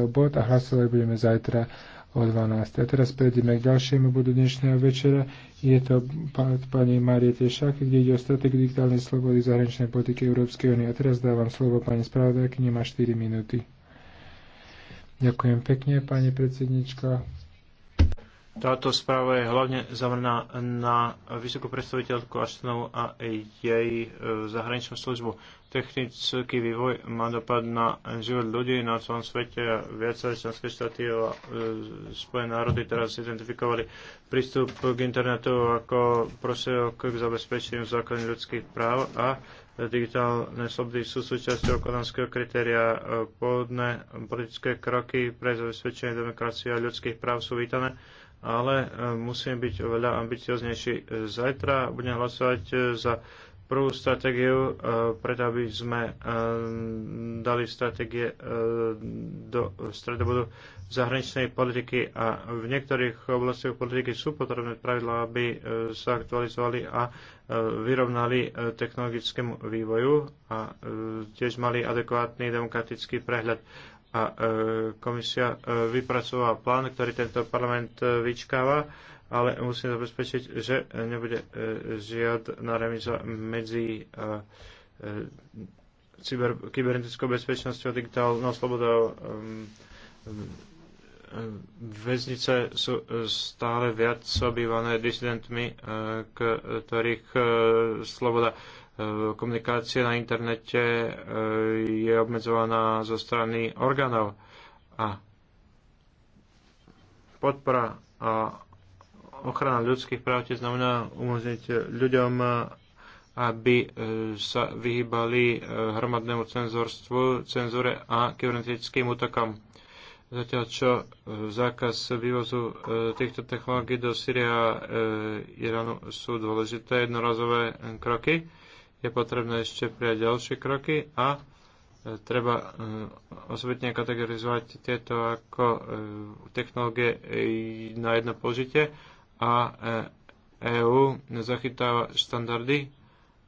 bod a hlasovať budeme zajtra o 12. A teraz prejdeme k ďalšiemu bodu dnešného večera. Je to pani Marie Tešák, kde ide o stratégiu digitálnej slobody v zahraničnej politiky Európskej únie. A teraz dávam slovo pani spravodajky, nemá 4 minúty. Ďakujem pekne, pani predsednička. Táto správa je hlavne zamrná na vysokú predstaviteľku Ashtonovú a jej e, zahraničnú službu technický vývoj má dopad na život ľudí na celom svete. a Viaceré členské štáty a e, Spojené národy teraz identifikovali prístup k internetu ako prosiek k zabezpečeniu základných ľudských práv a digitálne slobody sú súčasťou konanského kritéria. Pôvodné politické kroky pre zabezpečenie demokracie a ľudských práv sú vítané ale e, musíme byť oveľa ambicioznejší. Zajtra budem hlasovať e, za prvú stratégiu, e, preto aby sme e, dali stratégie e, do stredobodu zahraničnej politiky a v niektorých oblastiach politiky sú potrebné pravidlá, aby sa aktualizovali a vyrovnali technologickému vývoju a tiež mali adekvátny demokratický prehľad. A komisia vypracovala plán, ktorý tento parlament vyčkáva ale musíme zabezpečiť, že e, nebude e, žiadna remiza medzi e, cyber, kybernetickou bezpečnosťou a digitálnou slobodou. Väznice sú stále viac obývané disidentmi, ktorých sloboda komunikácie na internete je obmedzovaná zo strany orgánov. A podpora a ochrana ľudských práv tiež znamená umožniť ľuďom, aby e, sa vyhýbali e, hromadnému cenzorstvu, cenzure a kybernetickým útokom. Zatiaľ čo e, zákaz vývozu týchto technológií do Syria a Iránu sú dôležité jednorazové kroky, je potrebné ešte prijať ďalšie kroky a treba osobitne kategorizovať tieto ako technológie na jedno použitie a EÚ nezachytáva štandardy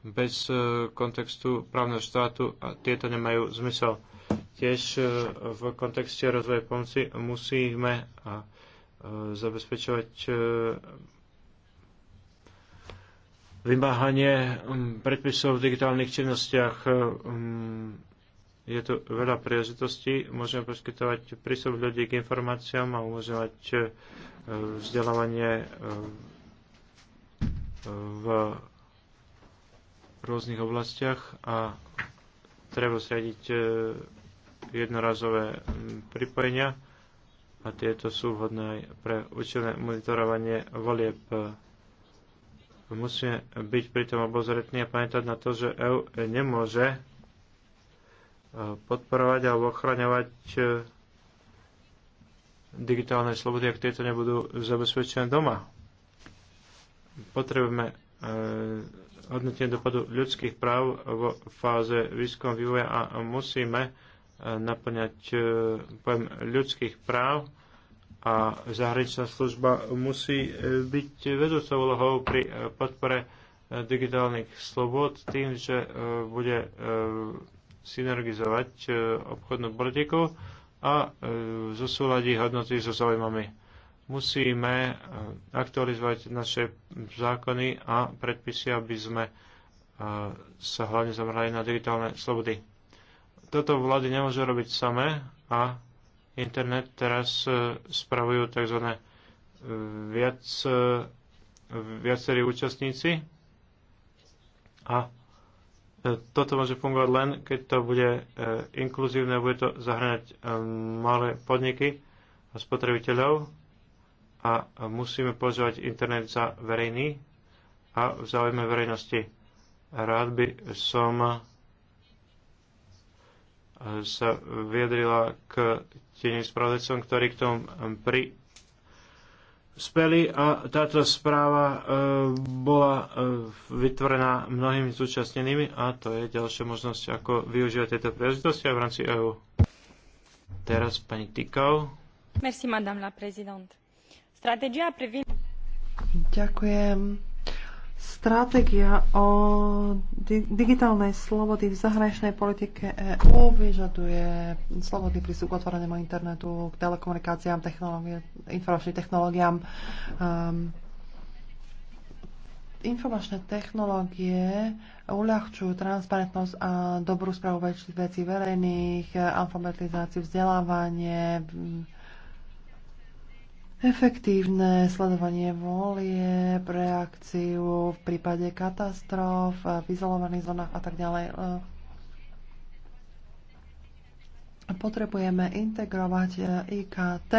bez e, kontextu právneho štátu a tieto nemajú zmysel. Tiež e, v kontexte rozvoja pomoci musíme e, zabezpečovať vymáhanie predpisov v digitálnych činnostiach je tu veľa príležitostí, môžeme poskytovať prístup ľudí k informáciám a umožňovať e, vzdelávanie e, e, v rôznych oblastiach a treba sriadiť jednorazové pripojenia a tieto sú vhodné aj pre účelné monitorovanie volieb. Musíme byť pritom obozretní a pamätať na to, že EU nemôže podporovať alebo ochraňovať e, digitálne slobody, ak tieto nebudú zabezpečené doma. Potrebujeme e, hodnotenie dopadu ľudských práv vo fáze výskum vývoja a musíme e, naplňať pojem ľudských práv a zahraničná služba musí byť vedúcou úlohou pri podpore digitálnych slobod tým, že bude synergizovať e, obchodnú politiku a e, zosúľadiť hodnoty so zaujímami. Musíme e, aktualizovať naše zákony a predpisy, aby sme sa hlavne zamerali na digitálne slobody. Toto vlády nemôžu robiť samé a internet teraz spravujú tzv. Viac, viacerí účastníci a toto môže fungovať len, keď to bude e, inkluzívne, bude to zahrňať e, malé podniky a spotrebiteľov a musíme považovať internet za verejný a v záujme verejnosti. Rád by som e, sa vyjadrila k tým spravodajcom, ktorí k tomu pri speli a táto správa e, bola e, vytvorená mnohými zúčastnenými a to je ďalšia možnosť, ako využívať tieto príležitosti aj v rámci EÚ. Teraz pani Tikau. Merci, madame la présidente. Stratégia privind... Ďakujem. Stratégia o digitálnej slobody v zahraničnej politike EÚ vyžaduje slobodný prístup k otvorenému internetu, k telekomunikáciám, technológie, informačným technológiám. Um, informačné technológie uľahčujú transparentnosť a dobrú správu vecí verejných, alfabetizáciu, vzdelávanie, um, Efektívne sledovanie volie, reakciu v prípade katastrof, v izolovaných zónach a tak ďalej. E, potrebujeme integrovať e, IKT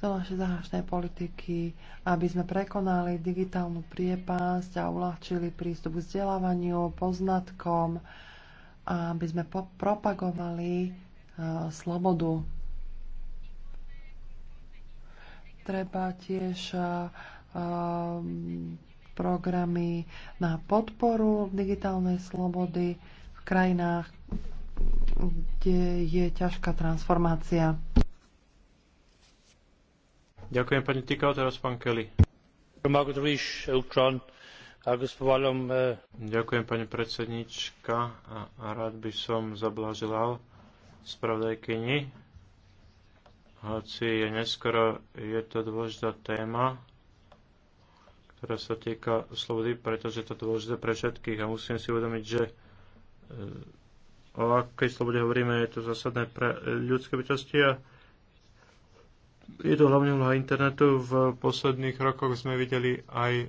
do našej zahraničnej politiky, aby sme prekonali digitálnu priepasť a uľahčili prístup k vzdelávaniu, poznatkom, aby sme propagovali e, slobodu treba tiež um, programy na podporu digitálnej slobody v krajinách, kde je ťažká transformácia. Ďakujem pani Tikal, teraz pán Kelly. Ďakujem pani predsednička a rád by som zablaželal spravodajkyni hoci je neskoro, je to dôležitá téma, ktorá sa týka slobody, pretože to dôležité pre všetkých a musím si uvedomiť, že e, o akej slobode hovoríme, je to zásadné pre ľudské bytosti a je to hlavne mnoha internetu. V posledných rokoch sme videli aj e,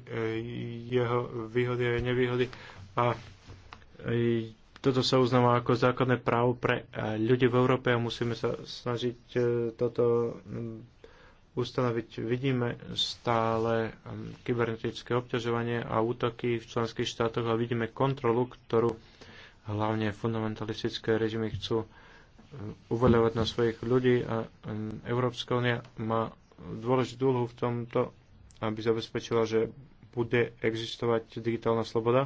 jeho výhody a nevýhody a e, toto sa uznáva ako základné právo pre e, ľudí v Európe a musíme sa snažiť e, toto ustanoviť. Vidíme stále kybernetické obťažovanie a útoky v členských štátoch a vidíme kontrolu, ktorú hlavne fundamentalistické režimy chcú uvoľovať na svojich ľudí a Európska únia má dôležitú úlohu v tomto, aby zabezpečila, že bude existovať digitálna sloboda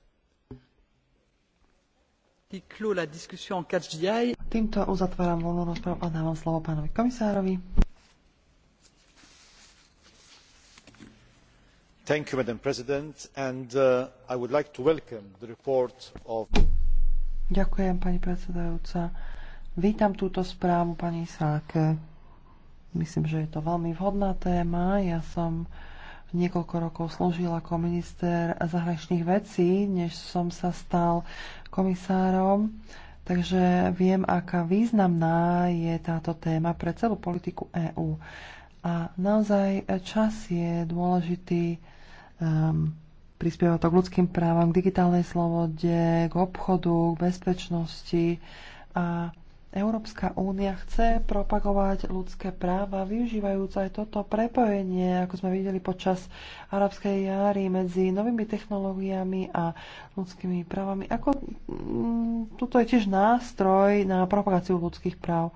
Týmto uzatváram voľnú rozpravu a dávam slovo pánovi komisárovi. You, madam president and uh, i would like to welcome the report of Ďakujem, pani predsedajúca. Vítam túto správu, pani Sáke. Myslím, že je to veľmi vhodná téma. Ja som niekoľko rokov slúžil ako minister zahraničných vecí, než som sa stal komisárom. Takže viem, aká významná je táto téma pre celú politiku EÚ. A naozaj čas je dôležitý um, ehm, prispievať to k ľudským právam, k digitálnej slobode, k obchodu, k bezpečnosti a Európska únia chce propagovať ľudské práva, využívajúc aj toto prepojenie, ako sme videli počas arabskej jary, medzi novými technológiami a ľudskými právami. Ako, mm, tuto je tiež nástroj na propagáciu ľudských práv. E,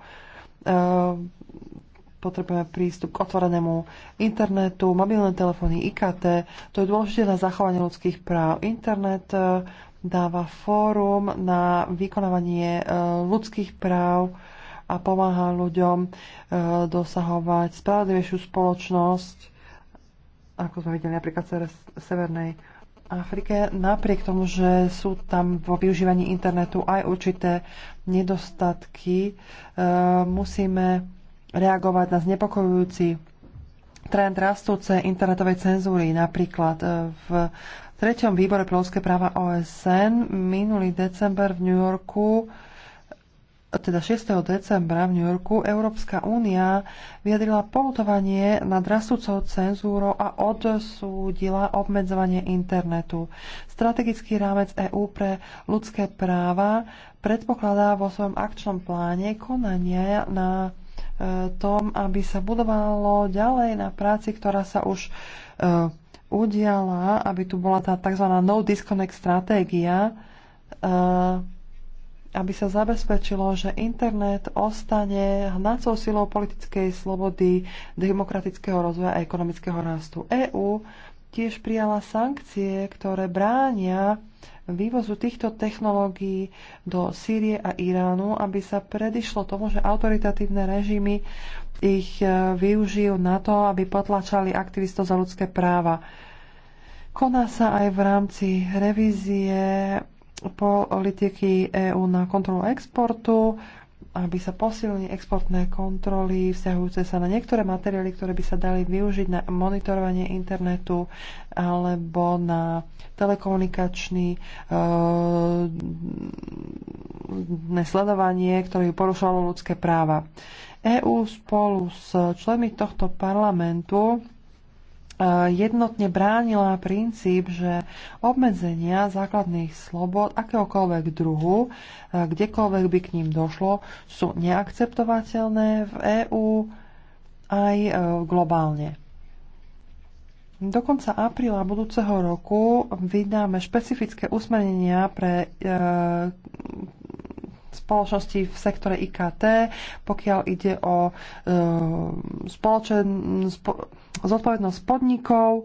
potrebujeme prístup k otvorenému internetu, mobilné telefóny, IKT. To je dôležité na zachovanie ľudských práv. Internet e, dáva fórum na vykonávanie e, ľudských práv a pomáha ľuďom e, dosahovať spravodlivejšiu spoločnosť, ako sme videli napríklad v Severnej Afrike, napriek tomu, že sú tam vo využívaní internetu aj určité nedostatky, e, musíme reagovať na znepokojujúci trend rastúcej internetovej cenzúry. Napríklad e, v treťom výbore pre ľudské práva OSN minulý december v New Yorku teda 6. decembra v New Yorku Európska únia vyjadrila poutovanie nad rastúcou cenzúrou a odsúdila obmedzovanie internetu. Strategický rámec EÚ pre ľudské práva predpokladá vo svojom akčnom pláne konania na Eh, tom, aby sa budovalo ďalej na práci, ktorá sa už eh, udiala, aby tu bola tá tzv. no disconnect stratégia, eh, aby sa zabezpečilo, že internet ostane hnacou silou politickej slobody, demokratického rozvoja a ekonomického rastu. EÚ tiež prijala sankcie, ktoré bránia vývozu týchto technológií do Sýrie a Iránu, aby sa predišlo tomu, že autoritatívne režimy ich e, využijú na to, aby potlačali aktivistov za ľudské práva. Koná sa aj v rámci revízie politiky EÚ na kontrolu exportu aby sa posilnili exportné kontroly vzťahujúce sa na niektoré materiály, ktoré by sa dali využiť na monitorovanie internetu alebo na telekomunikačný e, eh, nesledovanie, ktoré porušovalo ľudské práva. EÚ spolu s členmi tohto parlamentu E, jednotne bránila princíp, že obmedzenia základných slobod akéhokoľvek druhu, e, kdekoľvek by k ním došlo, sú neakceptovateľné v EÚ aj e, globálne. Do konca apríla budúceho roku vydáme špecifické usmernenia pre spoločnosti v sektore IKT, pokiaľ ide o e, spoločen, spo, zodpovednosť podnikov. E,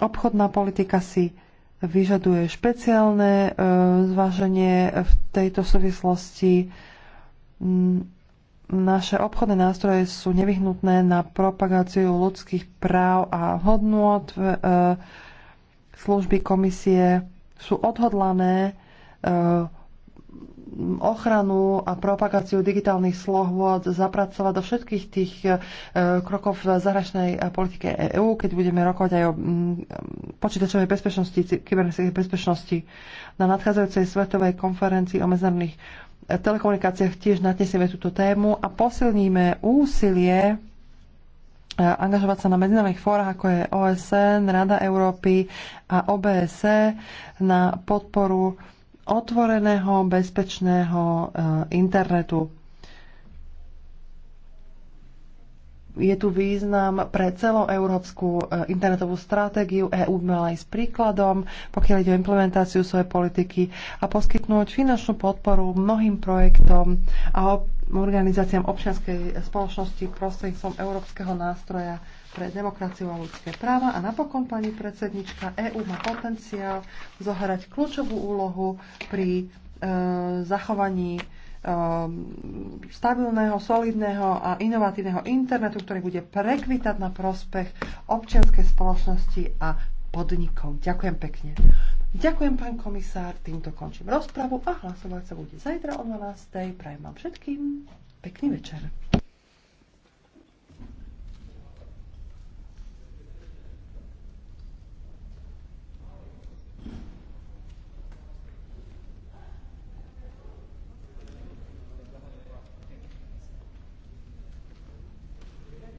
obchodná politika si vyžaduje špeciálne e, zváženie v tejto súvislosti. Mm, naše obchodné nástroje sú nevyhnutné na propagáciu ľudských práv a hodnôt. E, služby komisie sú odhodlané eh, ochranu a propagáciu digitálnych slohôd zapracovať do všetkých tých eh, krokov v zahraničnej politike EÚ, keď budeme rokovať aj o mm, počítačovej bezpečnosti, kybernetickej bezpečnosti. Na nadchádzajúcej svetovej konferencii o medzinárodných eh, telekomunikáciách tiež natnesieme túto tému a posilníme úsilie angažovať sa na medzinárodných fórach, ako je OSN, Rada Európy a OBSE na podporu otvoreného, bezpečného e, internetu. Je tu význam pre celú európsku e, internetovú stratégiu. EÚ by mala ísť príkladom, pokiaľ ide o implementáciu svojej politiky a poskytnúť finančnú podporu mnohým projektom a organizáciám občianskej spoločnosti prostredníctvom Európskeho nástroja pre demokraciu a ľudské práva. A napokon, pani predsednička, EÚ má potenciál zohrať kľúčovú úlohu pri e, zachovaní e, stabilného, solidného a inovatívneho internetu, ktorý bude prekvitať na prospech občianskej spoločnosti a podnikov. Ďakujem pekne. Ďakujem, pán komisár. Týmto končím rozpravu a hlasovať sa bude zajtra o 12.00. Prajem vám všetkým pekný večer.